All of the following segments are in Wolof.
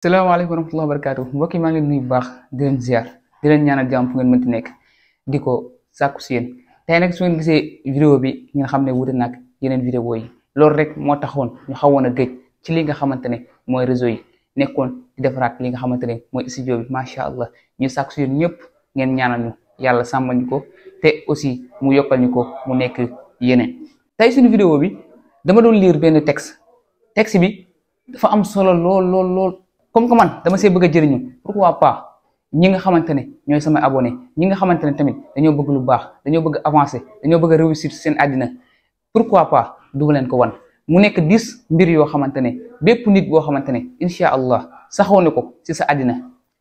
salaamaaleykum wa rahmatulah wa barakaatu mbokk yi maa ngi leen nuyu bu baax di leen ziar di leen ñaanal jàmm nekk di ko sàkku si yéen tey nag su ngeen gisee vidéo bi ngeen xam ne wuute nag yeneen vidéo yi loolu rek moo taxoon ñu xawoon a géej ci li nga xamante ne mooy réseau yi nekkoon defaraat li nga xamante ne mooy studio bi macha allah ñu sàkku si ñëpp ngeen ñaana ñu yàlla sàmmal ñu ko te aussi mu yokkal ñu ko mu nekk yeneen tey suñu vidéo bi dama doon lire benn texte texte bi dafa comme que man dama see bëgg a jëriñu pourquoi pas ñi nga xamante ne ñooy samay abone ñi nga xamante ne tamit dañoo bëgg lu baax dañoo bëgg avancer dañoo bëgg a réussir seen pour quoi pas duma leen ko wan mu nekk dis mbir yoo xamante ne bépp nit boo xamante ne incha allah saxoo ne ko ci sa àddina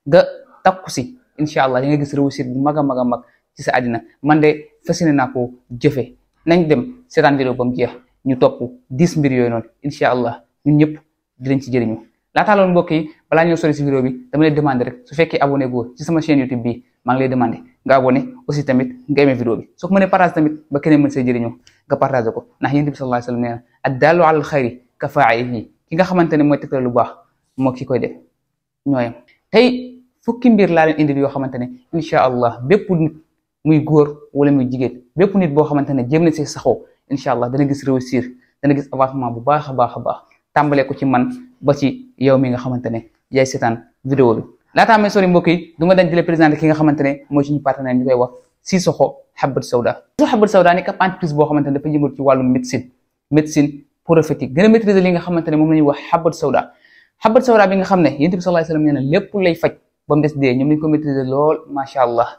nga takku si incha allah di nga gis réussir bu mag a mag a mag ci sa àddina man de fas yéene ko jëfe nañ dem seetaan vidéo ba mu jeex ñu topp dis mbir yooy noonu incha allah ñun ñëpp dinañ ci jëriñu laataa loolu mbokk yi balaa ñëw sori si vidéo bi dama lay demande rek su fekkee abonné goo ci sama chaîne YouTube bi maa ngi lay demander nga abonné aussi tamit nga aimé vidéo bi soo ko mënee partage tamit ba keneen mën see jëriñoo nga partagé ko ndax yonent bi sallallahu alayhi wa sallam nee na addaalu ki nga xamante ne mooy tegtal lu baax moo ki koy def ñooyam tey fukki mbir laa leen yoo xamante ne incha allah bépp nit muy góor wala muy jigéen bépp nit boo xamante ne jéem na see saxoo incha allah dana gis réussir dana gis avancement bu baax a baax a baax tàmbale ko ci man ba ci yow mi nga xamante ne yaay seetaan vidéo bi laataa may sori mbokk yi du ma dañ di la présenté ki nga xamante ne mooy suñu partenaire ñu koy wax Sissoko Habbatu Sauda Sissoko Habbatu Sauda nekk ab entreprise boo xamante ne ne moom la ñuy wax Habbatu Sauda bi nga xam ne yonent bi sallallahu alayhi wa sallam nee na lépp lay faj ba mu des dee ñoom lañ ko maîtriser lool macha allah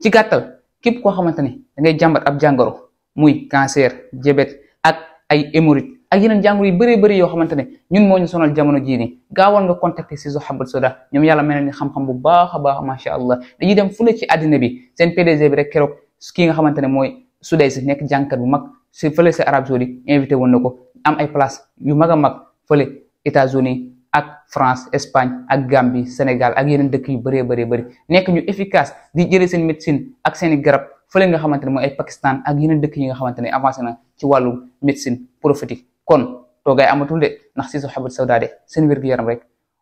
ci gàttal képp koo xamante ne da ngay jàmbat ab jàngoro muy cancer diabète ak ay hémorroïdes ak yeneen jàngoro yu bëree bëri yoo xamante ne ñun moo ñu sonal jamono jii nii gaawal nga contacter Ciseaux Habbatu Sauda ñoom yàlla mel ni xam-xam bu baax baax macha allah dañuy dem fule ci àddina bi seen PDG bi rek keroog kii nga xamante ne mooy Soudaïs nekk jàngkat bu mag si fële sa Arabie Saoudite invité woon na ko am ay place yu mag a mag fële États-Unis ak France Espagne ak Gambie Sénégal ak yeneen dëkk yu bëree bëree bëri nekk ñu efficace di jële seen médecine ak seen i garab fële nga xamante ne mooy ay Pakistan ak yeneen dëkk yi nga xamante ne avancé na ci wàllu médecine prophétique kon toogaay amatul de ndax si soxabul sawda de seen wér-gu-yaram rek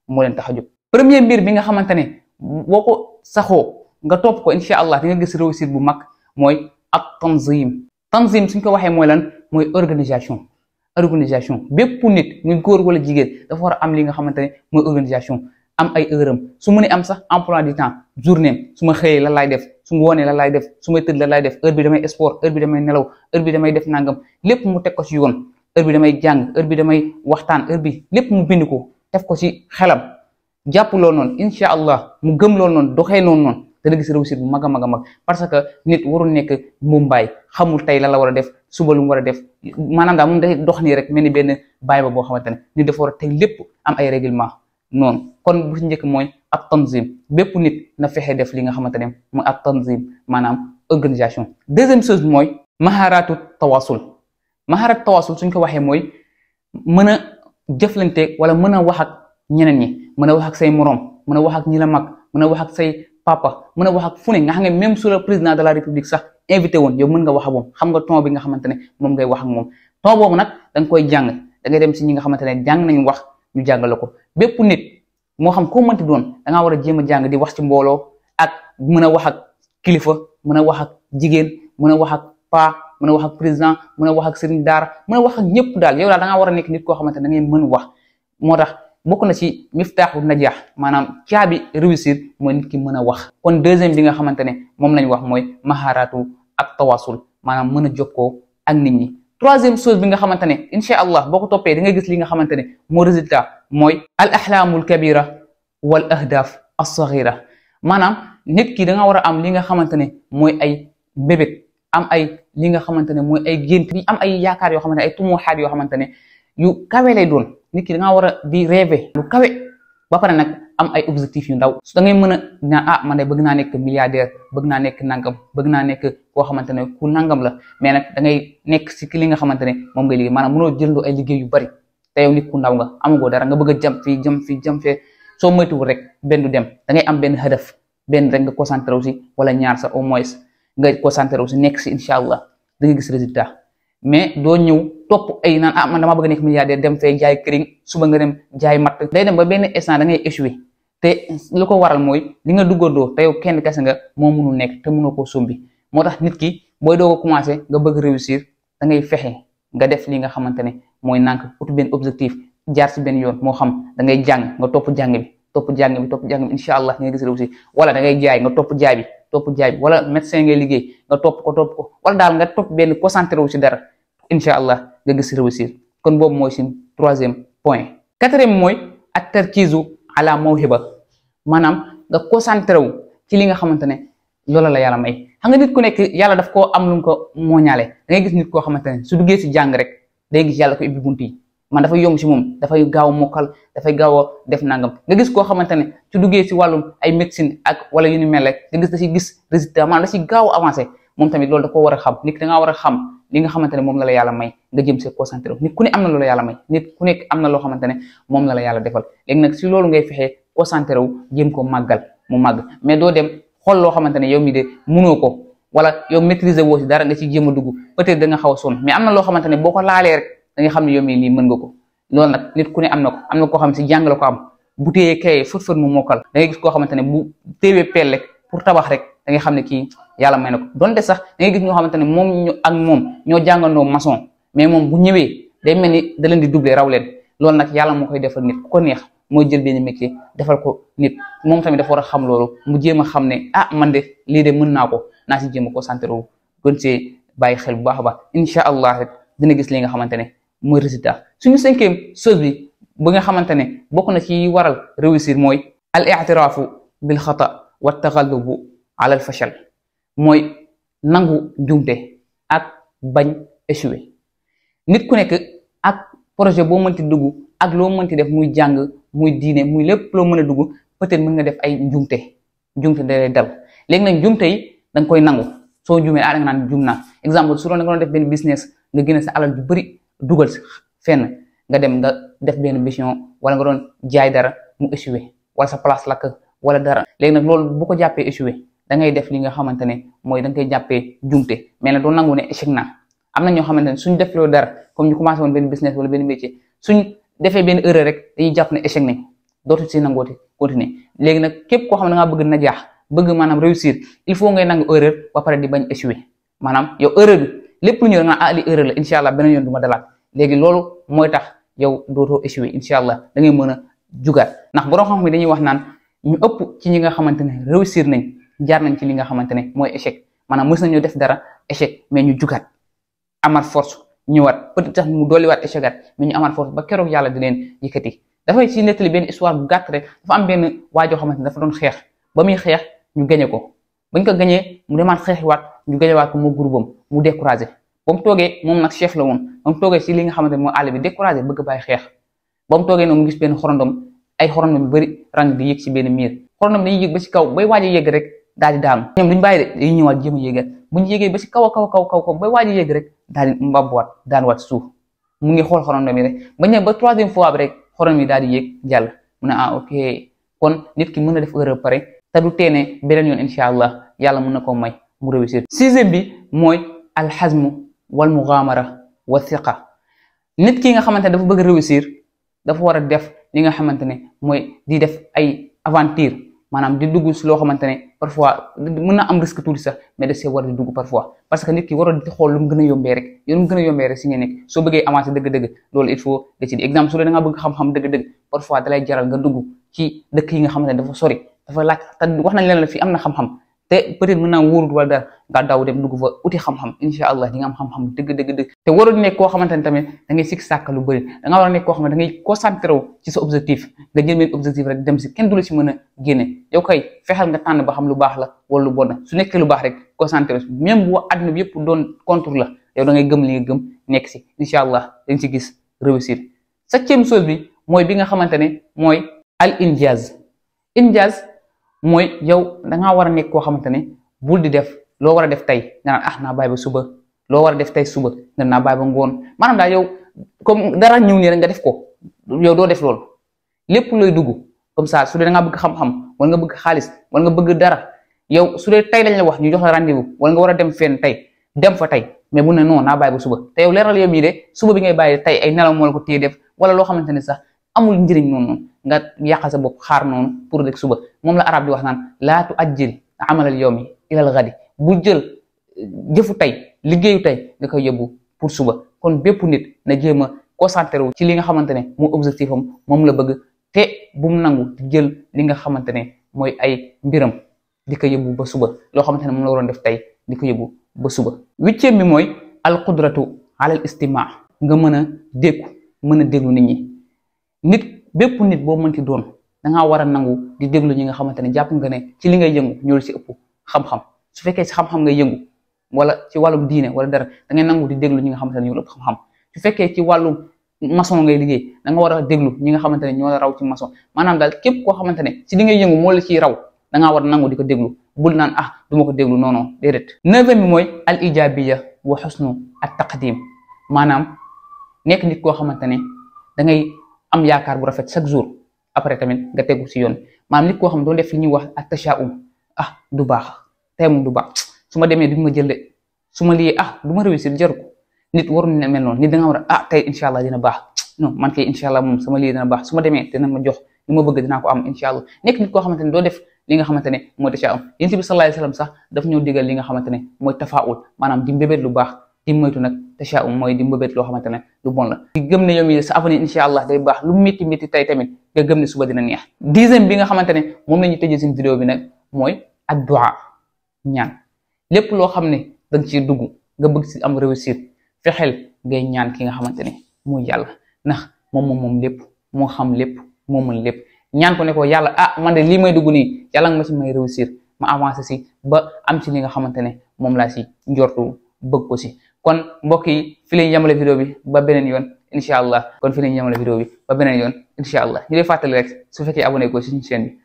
moo leen tax a jóg premier mbir bi nga xamante ne boo ko saxoo nga topp ko incha allah di nga gis réussite bu mag mooy ak tanzim tanzim suñ ko waxee mooy lan mooy organisation organisation bépp nit muy góor wala jigéen dafa war am li nga xamante ne mooy organisation am ay heure am su mënee am sax emploi du temps journée su ma xëyee la laay def su ngoonee la laay def su may tëdd la laay def heure bi damay sport heure bi damay nelaw heure bi damay def nangam lépp mu teg ko si yoon heure bi damay jàng heure bi damay waxtan heure bi lépp mu bind ko def ko ci xelam jàpp lo non incha allah mu gëm lo non doxé non non da nga gis réussite bu mag a mag mag parce que nit waru nek mumbai xamul tay la la wara def suba lu wara def manam da mu day dox ni rek melni ben bayba bo xamantene boo xamante ne nit dafa war lépp am ay réglement non kon bu ci njëkk mooy ab tanzim bépp nit na fexe def li nga xamantene mu ak tanzim manam organisation deuxième chose moy maharaatu tawassul maharat tawasul suñ ko waxee mooy mën a jëflante wala mën a wax ak ñeneen ñi mën a wax ak say moroom mën a wax ak ñi la mag mën a wax ak say papa mën a wax ak fu nga xam ne même sur président de la république sax invité woon yow mën wax ak moom xam nga ton bi ne moom ngay wax moom ton boobu nag da koy jàng da ngay dem si ñi nga xamante ne jàng nañ wax ñu jàngale ko bépp nit moo xam koo mënti doon da war a jéem a jàng di wax ci mbooloo ak mën a wax ak kilifa mën a wax ak jigéen mën a wax mën a wax ak président mën a wax ak sëriñ daara mën a wax ak ñëpp daal yow daal da ngaa war a nekk nit koo xamante ne da ngay mën wax moo tax bokk na ci miftaaxu najaax maanaam caabi réussir mooy nit mën a wax kon deuxième bi nga xamante ne moom lañ wax mooy maharatu ak tawasul maanaam mën a jokkoo ak nit ñi troisième chose bi nga xamante ne incha allah boo ko toppee da nga li nga xamante ne moo résultat mooy al axlaamul kabira wal ahdaaf assaxira maanaam nit ki da nga a am li nga xamante ne mooy ay mbébét am ay li nga xamante ne mooy ay gént yi am ay yaakaar yoo xamante ne ay tumuxaat yoo xamante ne yu kawe lay doon nit ki da war a di rêver kawe ba pare nag am ay objectif yu ndaw su da mën a ñaan ah man de bëgg naa nekk milliardaire bëgg naa nekk nangam bëgg naa nekk koo xamante ne ku nangam la mais nag da nekk si ki li nga xamante ne moom ngay liggéey maanaam mënoo jëndoo ay liggéey yu bari te nit ku ndaw nga amagoo dara nga bëgg a fi fii jëm fii jëm fee soo moytuwul rek benn du dem da ngay am benn xëdëf benn rek nga concentré si wala ñaar sa au moins nga concentré wu si nekk si gis résultat mais doo ñëw topp ay naan ah man damaa bëgg nekk milliardaire dem fee jaay këriñ suba nga dem jaay matt day dem ba benn instant da ngay échoué te lu ko waral mooy li nga duggandoo te kenn kese nga moo mënul nekk te mënoo koo sumbi moo tax nit ki booy doo commencé nga bëgg réussir da fexe nga def li nga xamante ne mooy nànk ut benn objectif jaar si benn yoon moo xam da ngay nga topp jàng bi topp jàng bi topp jàng bi allah nga gis wala da ngay jaay nga topp jaay bi topp jaay bi wala médecin ngay liggéey nga topp ko topp ko wala daal nga topp benn concentré wu si dara incha allah nga gis réussir kon boobu mooy suñ troisième point quatrième mooy ak tarkiisu ala mawhiba maanaam nga concentré wu ci li nga xamante ne loola la yàlla may xam nga nit ku nekk yàlla daf ko am lu ko mooñaale da ngay gis nit koo xamante ne su duggee si jàng rek day gis yàlla ko ibbi bunt yi man dafa yomb si moom dafay gaaw mokkal dafay gaaw a def nangam nga gis koo xamante ne duggee si wàllum ay médecine ak wala yu mel rek nga gis ko war a xam nit da a xam nga xamante la may nga jëm see concentré nit ku ne am na loo la yàlla may nit ku nekk am na loo xamante ne moom la la yàlla defal léegi ne yow mi de mënoo ko wala yow woo si a dugg peut-être da nga xaw a sonn mais am na loo xamante boo ko laalee rek da nga xam ne yow mii lii mën nga ko loolu nag nit ku ne am na ko koo xam ne si jàng ko am bu téyee kaye fët mu mokkal da gis koo xamante ne bu téewee peel rek pour tabax rek da nga xam ne kii yàlla may na ko donte sax da ngay gis ñoo xamante ne moom ñu ñoo jàngandoo maçon mais moom bu ñëwee day mel ni da leen di doubler raw leen loolu nag yàlla moo koy defal nit ko neex mooy jël benn métier defal ko nit moom tamit dafa war a xam loolu mu jéem a xam ne ah man de lii de mën naa ko naa si jéem a ko santéro gën see bàyyi xel bu baax a baax incha allah rek dina gis li nga xamante ne mooy résultat suñu cinquième chose bi ba nga xamante ne bokk na ci waral réussir mooy al itiraafu bil xata wa taxallubu bu al fachal mooy nangu njumte ak bañ échoué nit ku nekk ak projet boo mënti dugg ak loo mënti def muy jàng muy diine muy lépp loo mën a dugg peut-être mën nga def ay njumte njumte da lay dal léegi nag njumte yi da koy nangu soo jumee ah da nga naan jum naa exemple su doon nga def benn business nga génne sa alal ju dugal fenn nga dem nga def benn mission wala nga doon jaay dara mu échoué wala sa place lakk wala dara léegi nag loolu bu ko jàppee échoué da ngay def li nga xamante ne mooy da koy jàppee jumte mais nag doo nangu ne échec am na ñoo xamante ne suñ def loolu dara comme ñu commencé woon benn business wala benn métier suñ defee benn erreur rek dañuy jàpp ne échec nañ dootu si nangooti continuer léegi nag képp koo xam na da ngaa bëgg na jaax bëgg maanaam réussir il faut ngay nangu erreur ba pare di bañ échoué maanaam lépp lu ñëw nga ah la incha allah beneen yoon du ma dalaat loolu mooy tax yow dooto échoué incha allah da ngay mën a jugaat ndax borom xam mi dañuy wax naan ñu ëpp ci ñi nga xamante ne réussir nañ jaar nañ ci li nga xamante ne mooy échec maanaam mës nañu def dara échec mais ñu jugaat amaat force ñëwaat peut-être sax mu dolliwaat échecaat mais ñu amaat force ba keroog yàlla di leen yëkkati dafay ci nettali benn histoire bu gàtt rek dafa am benn waajoo xamante ne dafa doon xeex ba muy xeex ñu gañe ko bañ ko gañee mu demaat xeexiwaat ñu gañewaat ko mu groupe am mu découragé ba mu toogee moom nag chef la woon ba mu toogee si li nga xamante ne mooy àll bi découragé bëgg bàyyi xeex ba mu toogee noonu mu gis benn xorondom ay xorondom yu bëri rang di yëg si benn miir xorondom dañuy yëg kaw bay waaj rek daal di daanu ñoom duñu bàyyi de ñëwaat jéem a yëgaat bu ñu yëgee ba si a kaw kaw kaw kaw bay waaj a yëg rek daal di mbabbuwaat daanuwaat suuf mu ngi xool xorondom yi rek ba ñëw ba troisième fois bi rek xorondom yi daal di yëg jàll mu ne ah ok kon nit ki mën a def erreur pare te du teene beneen yoon incha allah yàlla mën na ko may mu réussir sixième bi mooy alxazmu wal mugaamara wa thiqa nit ki nga xamante ne dafa bëgg réussir dafa war a def li nga xamante ne mooy di def ay aventure maanaam di dugg si loo xamante ne parfois mën na am risque tuuti sax mais see war di dugg parfois parce que nit ki waroo di xool lu gën a yombee rek yow mu gën a yombee rek si nga nekk soo bëggee avancer dëgg-dëgg loolu il faut da exemple su dee da bëgg xam-xam dëgg-dëgg parfois dalay jaral nga dugg ci dëkk yi nga xamante ne dafa sori dafa wax nañ leen la fii am na xam te peut-être naa wóorul wala daal nga daw dem dugg fa uti xam-xam incha allah di nga am xam-xam dëgg dëgg dëgg te warul nekk koo xamante ne tamit da ngay sikk sàkk lu bëri da nga war a nekk koo xamante da ngay concentré wu ci sa objectif nga jël benn rek dem si kenn du la mën a génne yow kay fexeel nga tànn ba xam lu baax la wala lu bon la su nekkee lu baax rek concentré wu même bu àdduna bi yëpp doon contre la yow da ngay gëm li gëm nekk si incha allah dañ si gis réussir septième chose bi mooy bi nga xamante ne mooy al injaz injaz mooy yow da ngaa war a nekk koo xamante ne bul di def loo war a def tay nga naan ah naa bàyyi ba suba loo war a def tey suba nga naa bàyyi ba ngoon maanaam daal comme dara ñëw nii rek nga def ko yow doo def loolu lépp looy dugg comme ça su dee da ngaa bëgg xam-xam wala nga bëgg xaalis wala nga bëgg dara yow su dee tey lañ la wax ñu jox la rendez-vous wala nga war a dem fenn fa tey mais bu ne non naa bàyyi ba suba te yow leeral yow mii de suba bi ngay bàyyi tey ay nelaw moo ko téye def wala loo xamante ne sax amul njëriñ noonu nga yàqal sa bopp xaar noonu pour de suba moom la arab di wax naan laa tu ajjil amalal yawmi ilal gadi bu jël eh, jëfu tey liggéeyu tey nga koy yóbbu pour suba kon bépp nit na jéem a concentré wu ci li nga xamante ne moo objectif am moom la bëgg te bu mu nangu jël li nga xamante ne mooy ay mbiram di ko yóbbu ba suba loo xamante ne moom la waroon def tey di ko yóbbu ba suba huitième bi mooy alqudratu alal istima nga mën a dékku mën a déglu nit ñi nit bépp nit boo mënti doon dangaa war a nangu di déglu ñi nga xamante ne jàpp nga ne ci li ngay yëngu ñoolu si ëpp xam-xam su fekkee si xam-xam ngay yëngu wala ci wàllum diine wala dara da ngay nangu di déglu ñi nga xamante ne ñoolu ëpp xam-xam su fekkee ci wàllum maçon ngay liggéey da nga war a déglu ñi nga ne ñoo la raw ci maçon maanaam daal képp koo xamante ne ci li ngay yëngu moo la ciy raw da war a nangu di ko déglu bul naan ah duma ko déglu non non déedéet neuvième bi mooy al ijabiya wa xusnu at taqdim maanaam nekk nit koo xamante ne am yaakaar bu rafet chaque jour après tamit nga tegu si yoon maanaam nit koo xam doo def li ñuy wax ak tashaum ah du baax tey moom du baax su ma demee duñ ma jël de su ma lii ah du ma réussir jaru ko nit waruñu ne mel war a ah tey incha allah dina baax non man kay baax su ma demee dina ma jox li ma bëgg dinaa ko am incha allah nekk nit koo xamante ne doo def li nga xamante ne mooy tashaum yonent bi sallallahu alayhi sax daf ñëw digal li nga xamante ne mooy tafaawul maanaam di mbébét lu baax. di moytu nag tashaaum mooy di mbëbët loo xamante ne lu bon la di gëm ne yoom yi sa avenir incha allah day baax lu métti métti tey tamit nga gëm ne suba dina neex dixième bi nga xamante ne moom la ñu tëjee seen vidéo bi nag mooy addu'a ñaan lépp loo xam ne da nga ciy dugg nga bëgg si am réussir fexeel ngay ñaan ki nga xamante ne muy yàlla ndax moom moom moom lépp moo xam lépp moo mën lépp ñaan ko ne yàlla ah man lii may dugg nii yàlla si may réussir ma avancé si ba am ci li nga xamante ne moom laa si njortu bëgg ko si kon mbokk yi fi lañ yamale vidéo bi ba beneen yoon incha allah kon fi lañ yamale vidéo ba beneen yoon incha allah ñu lay fàttali rek su fekkee abonné ko suñu chaîne bi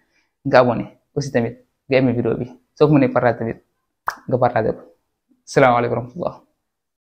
nga abonné aussi tamit nga aimé vidéo bi soo ko mënee partage tamit nga partagé ko salaamaaleykum wa rahmatullah